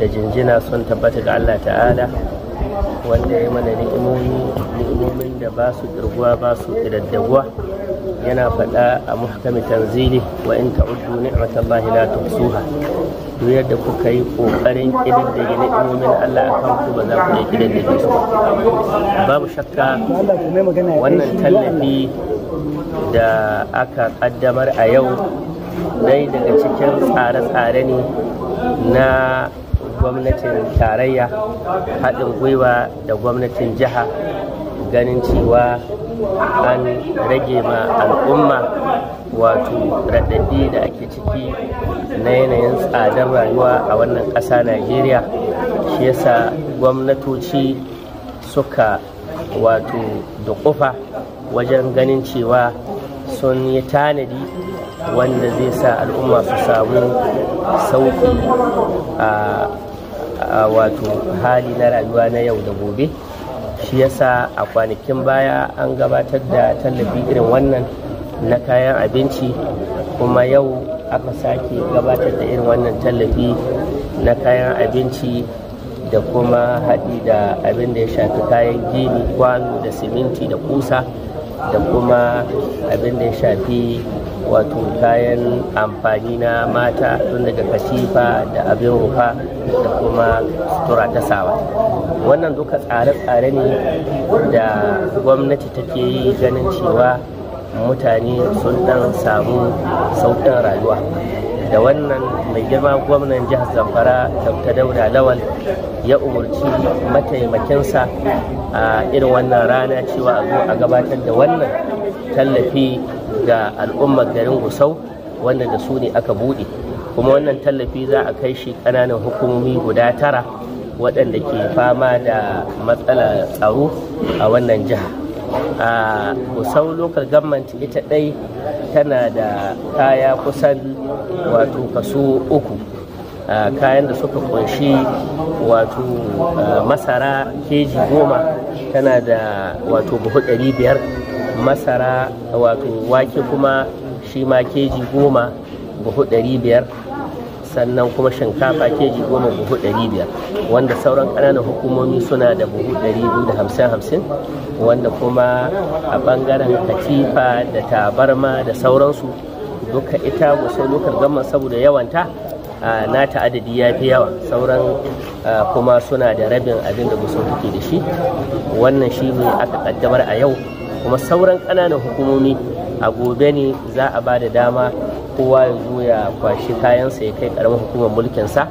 da jinjina sun tabbata ga Allah ta'ala wanda ya mana ni'imomin da ba su kirguwa ba su kidaddaguwa yana faɗa a muhkami tanzili wa in ta'uddu ni'matallahi la tuhsuha duk yadda kuka yi ƙoƙarin ƙididdige ni'imomin Allah a kan ku ba za ku iya ƙididdige su babu shakka wannan tallafi da aka ƙaddamar a yau dai daga cikin tsare-tsare ne na gwamnatin tarayya haɗin gwiwa da gwamnatin jiha ganin cewa an rage ma al'umma wato raɗaɗi da ake ciki na yanayin tsadar rayuwa a wannan ƙasa najeriya shi yasa gwamnatoci suka wato da ƙufa wajen ganin cewa sun yi tanadi wanda zai sa al'umma su samu sauƙi a wato hali na rayuwa na yau da gobe shi yasa a kwanakin baya an gabatar da tallafi irin wannan na kayan abinci kuma yau aka sake gabatar da irin wannan tallafi na kayan abinci da kuma haɗi da abin da ya shafi kayan gini kwano da siminti da kusa da kuma abin da ya shafi wato kayan amfani na mata tun daga katifa da abin rufa da kuma sutura ta sawa wannan duka tsare-tsare ne da gwamnati take yi ganin cewa mutane sun dan samu sauƙin rayuwa da wannan mai girma gwamnan jihar zamfara dr dauda lawal ya umarci mataimakinsa a irin wannan rana cewa a a gabatar da wannan tallafi ga al'ummar garin gusau wanda da su ne aka buɗe kuma wannan tallafi za a kai shi ƙananan hukumomi guda tara waɗanda ke fama da matsalar tsaro a wannan jihar. a musau local government ita ɗai tana da kaya kusan wato kaso uku kayan da suka kunshi wato masara keji goma tana da wato buhu ɗari biyar masara wato wake kuma shi ma keji goma buhu ɗari biyar sannan kuma shinkafa keji goma buhu ɗari biyar wanda sauran ƙananan hukumomi suna da buhu ɗari biyu da hamsin hamsin wanda kuma a ɓangaren katifa da tabarma da sauransu duka ita wasu gama saboda yawanta na ta adadi ya fi yawa sauran kuma suna da rabin abin da gusau take da shi wannan shi ne aka kaddamar a yau kuma sauran ƙananan hukumomi a gobe ne za a ba da dama kowa ya zo ya kwashi kayansa ya kai karamar hukumar mulkinsa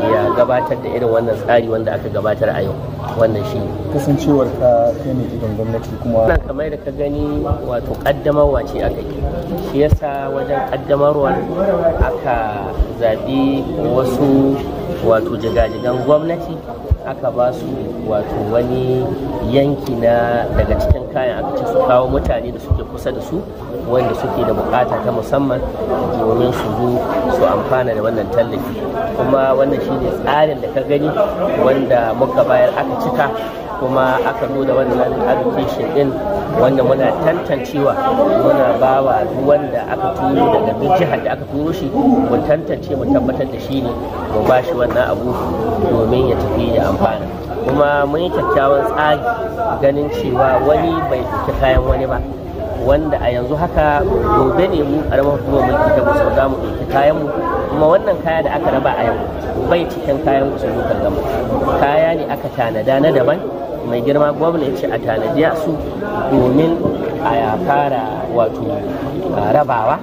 ya gabatar da irin wannan tsari wanda aka gabatar a yau wannan shi kasancewar ka kai ne idan gwamnati kuma nan kamar da ka gani wato kaddamarwa ce aka yi shi yasa wajen kaddamarwar aka zaɓi wasu wato jigajigan gwamnati aka ba su wato wani yanki na daga cikin kayan aka su kawo mutane da suke kusa da su wanda suke da bukata ta musamman domin su zo su amfana da wannan tallafi kuma wannan shine tsarin da ka gani wanda muka bayar aka cika kuma aka nuna wannan allocation din wanda muna tantancewa muna bawa duk wanda aka turo daga duk jihar da aka turo shi mu tantance mu tabbatar da shi ne mu ba shi wannan abu domin ya tafi da amfani kuma mun yi kyakkyawan tsari ganin cewa wani bai fita kayan wani ba wanda a yanzu haka gobe ne mu a karamar hukumar mulki ta musu za mu ɗauki kayan mu kuma wannan kaya da aka raba a yau bai cikin kayan sun lokal gama kaya ne aka tanada na daban mai girma gwamna ya ce a tanadiya su domin a ya fara wato rabawa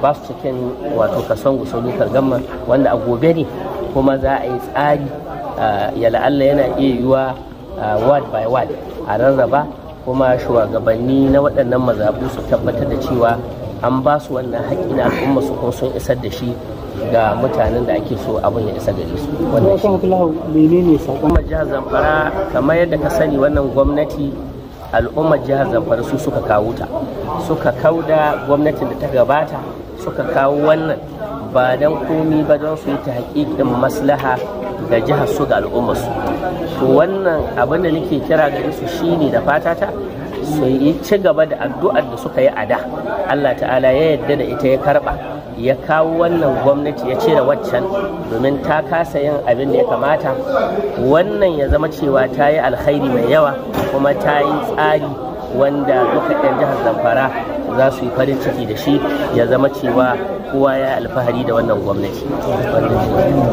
ba su cikin wato kason gusa lokal gama wanda a gobe ne kuma za a yi tsari ya la'alla yana iya yiwuwa ward by ward a rarraba kuma shugabanni na waɗannan mazabu su tabbatar da cewa an ba su wannan haƙƙi na al'umma su kuma sun isar da shi ga mutanen da ake so abin ya isa gare su wannan jihar Zamfara kamar yadda ka sani wannan gwamnati al'ummar jihar Zamfara su suka kawo ta suka kauda gwamnatin da ta gabata suka kawo wannan ba don komi ba don su yi ta haƙiƙin maslaha Da jihar su ga al'ummar su to wannan abin da nake kira gare su shine da fatata su yi ci gaba da addu'ar da suka yi a da Allah ta'ala ya yarda da ita ya karba ya kawo wannan gwamnati ya ce da waccan domin ta kasa yin abin da ya kamata wannan ya zama cewa ta yi alkhairi mai yawa kuma ta yi tsari wanda duka 'yan jihar zamfara za su yi farin ciki da shi ya zama cewa kowa ya alfahari da wannan gwamnati